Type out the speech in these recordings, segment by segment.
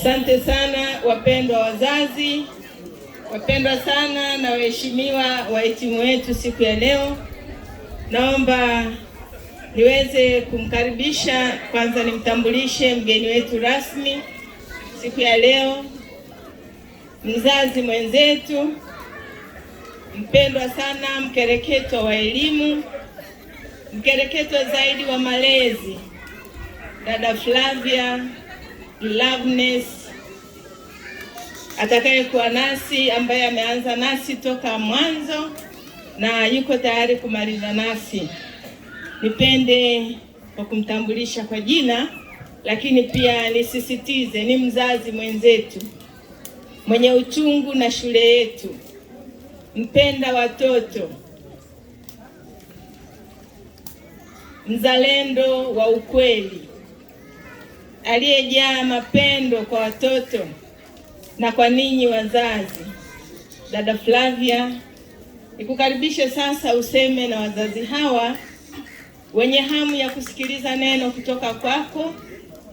Asante sana wapendwa wazazi, wapendwa sana na waheshimiwa wahitimu wetu siku ya leo. Naomba niweze kumkaribisha kwanza, nimtambulishe mgeni wetu rasmi siku ya leo, mzazi mwenzetu mpendwa sana, mkereketo wa elimu, mkereketo zaidi wa malezi, dada Flavia Loveness atakayekuwa nasi ambaye ameanza nasi toka mwanzo na yuko tayari kumaliza nasi. Nipende kwa kumtambulisha kwa jina, lakini pia nisisitize, ni mzazi mwenzetu mwenye uchungu na shule yetu, mpenda watoto, mzalendo wa ukweli aliyejaa mapendo kwa watoto na kwa ninyi wazazi. Dada Flavia, nikukaribishe sasa useme na wazazi hawa wenye hamu ya kusikiliza neno kutoka kwako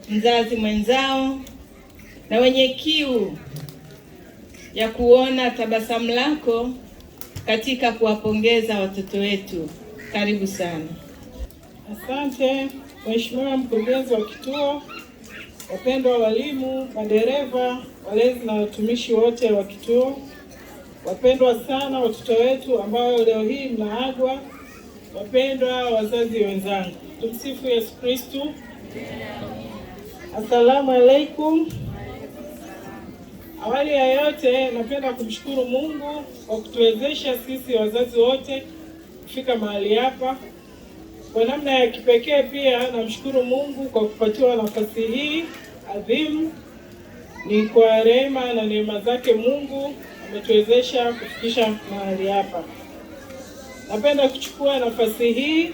mzazi mwenzao, na wenye kiu ya kuona tabasamu lako katika kuwapongeza watoto wetu. Karibu sana. Asante Mheshimiwa mkurugenzi wa kituo wapendwa walimu, madereva, walezi na watumishi wote wa kituo, wapendwa sana watoto wetu ambao leo hii mnaagwa, wapendwa wazazi wenzangu, tumsifu Yesu Kristu. Asalamu alaikum. Awali ya yote, napenda kumshukuru Mungu kwa kutuwezesha sisi wazazi wote kufika mahali hapa. Kwa namna ya kipekee pia namshukuru Mungu kwa kupatiwa nafasi hii adhimu. Ni kwa rehema na neema zake Mungu ametuwezesha kufikisha mahali hapa. Napenda kuchukua nafasi hii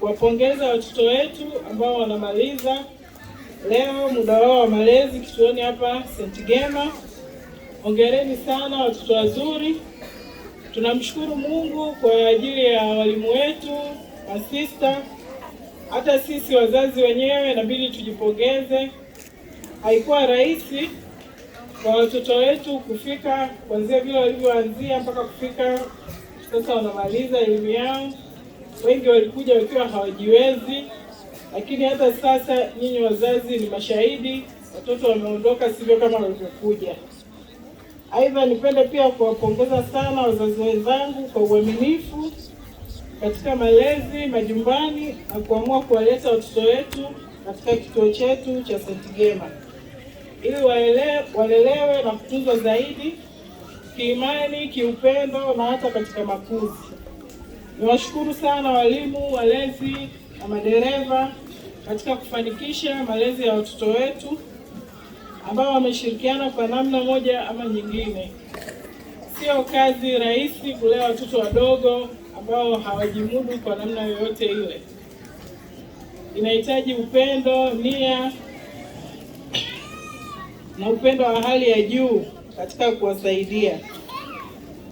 kuwapongeza watoto wetu ambao wanamaliza leo muda wao wa malezi kituoni hapa St. Gema. Hongereni sana watoto wazuri. Tunamshukuru Mungu kwa ajili ya walimu wetu masista, hata sisi wazazi wenyewe inabidi tujipongeze. Haikuwa rahisi kwa watoto wetu kufika kuanzia vile walivyoanzia mpaka kufika sasa, wanamaliza elimu yao. Wengi walikuja wakiwa hawajiwezi, lakini hata sasa nyinyi wazazi ni mashahidi, watoto wameondoka sivyo kama walivyokuja. Aidha, nipende pia kuwapongeza sana wazazi wenzangu kwa uaminifu katika malezi majumbani na kuamua kuwaleta watoto wetu katika kituo chetu cha St. Gema ili walelewe, walelewe na kutunzwa zaidi kiimani, kiupendo na hata katika makuzi. Niwashukuru sana walimu, walezi na madereva katika kufanikisha malezi ya watoto wetu ambao wameshirikiana kwa namna moja ama nyingine. Sio kazi rahisi kulea watoto wadogo ambao hawajimudu kwa namna yoyote ile. Inahitaji upendo, nia na upendo wa hali ya juu katika kuwasaidia.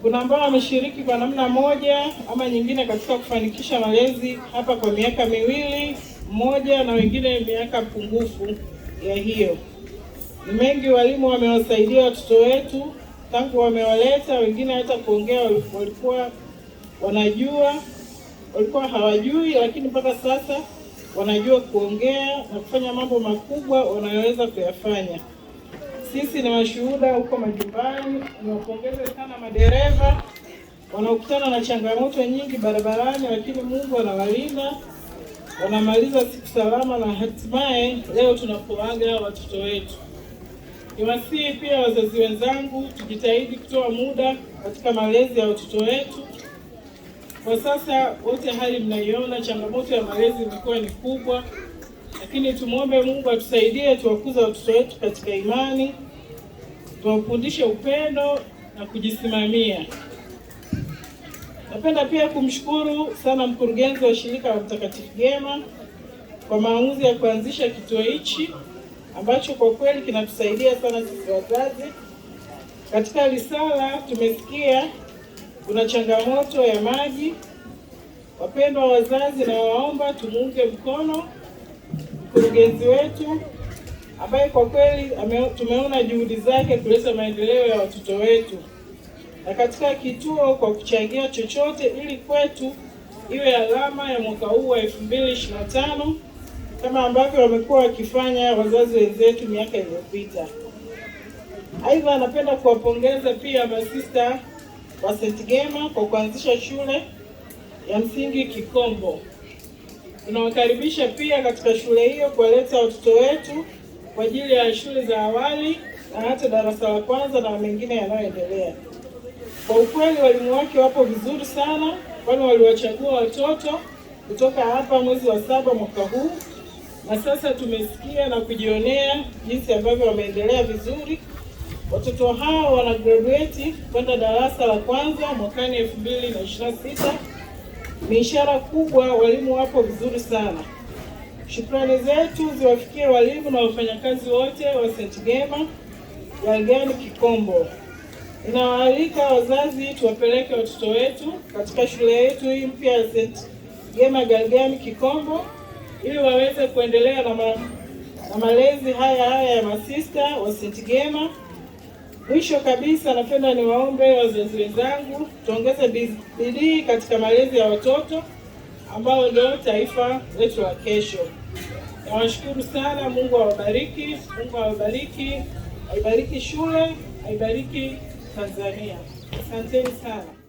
Kuna ambao wameshiriki kwa namna moja ama nyingine katika kufanikisha malezi hapa kwa miaka miwili mmoja, na wengine miaka pungufu ya hiyo. Ni mengi walimu wamewasaidia watoto wetu tangu wamewaleta, wengine hata kuongea walikuwa wanajua, walikuwa hawajui, lakini mpaka sasa wanajua kuongea na kufanya mambo makubwa wanayoweza kuyafanya. Sisi ni washuhuda huko majumbani. Niwapongeze sana madereva wanaokutana na changamoto nyingi barabarani, lakini Mungu anawalinda, wanamaliza siku salama na hatimaye leo tunapoaga watoto wetu. Niwasihi pia wazazi wenzangu, tujitahidi kutoa muda katika malezi ya watoto wetu kwa sasa wote hali mnaiona, changamoto ya malezi imekuwa ni kubwa, lakini tumwombe Mungu atusaidie, tuwakuza watoto wetu katika imani, tuwafundishe upendo na kujisimamia. Napenda pia kumshukuru sana mkurugenzi wa shirika la Mtakatifu Gema kwa maamuzi ya kuanzisha kituo hichi ambacho kwa kweli kinatusaidia sana sisi wazazi. Katika risala tumesikia kuna changamoto ya maji. Wapendwa wazazi, na waomba tumuunge mkono mkurugenzi wetu ambaye kwa kweli tumeona juhudi zake kuleta maendeleo ya watoto wetu na katika kituo kwa kuchangia chochote ili kwetu iwe alama ya mwaka huu wa elfu tano kama ambavyo wamekuwa wakifanya wazazi wenzetu miaka iliyopita. Aidha, napenda kuwapongeza pia masista wa St. Gema kwa kuanzisha shule ya msingi Kikombo. Tunawakaribisha pia katika shule hiyo kuwaleta watoto wetu kwa ajili ya shule za awali na hata darasa la kwanza na mengine yanayoendelea. Kwa ukweli, walimu wake wapo vizuri sana, kwani waliwachagua watoto kutoka hapa mwezi wa saba mwaka huu, na sasa tumesikia na kujionea jinsi ambavyo wameendelea vizuri Watoto hao wana graduate kwenda darasa la kwanza mwakani 2026. Ni ishara kubwa, walimu wapo vizuri sana. Shukrani zetu ziwafikie walimu na wafanyakazi wote wa St. Gema Galgani Kikombo. Ninawaalika wazazi tuwapeleke watoto wetu katika shule yetu hii mpya ya St. Gema Galgani Kikombo ili waweze kuendelea na, ma, na malezi haya haya ya masista wa St. Gema. Mwisho kabisa, napenda niwaombe wazazi wenzangu, tuongeze bidii katika malezi ya watoto ambao ndio taifa letu la kesho. Nawashukuru sana. Mungu awabariki, Mungu awabariki, aibariki shule, aibariki Tanzania. Asanteni sana.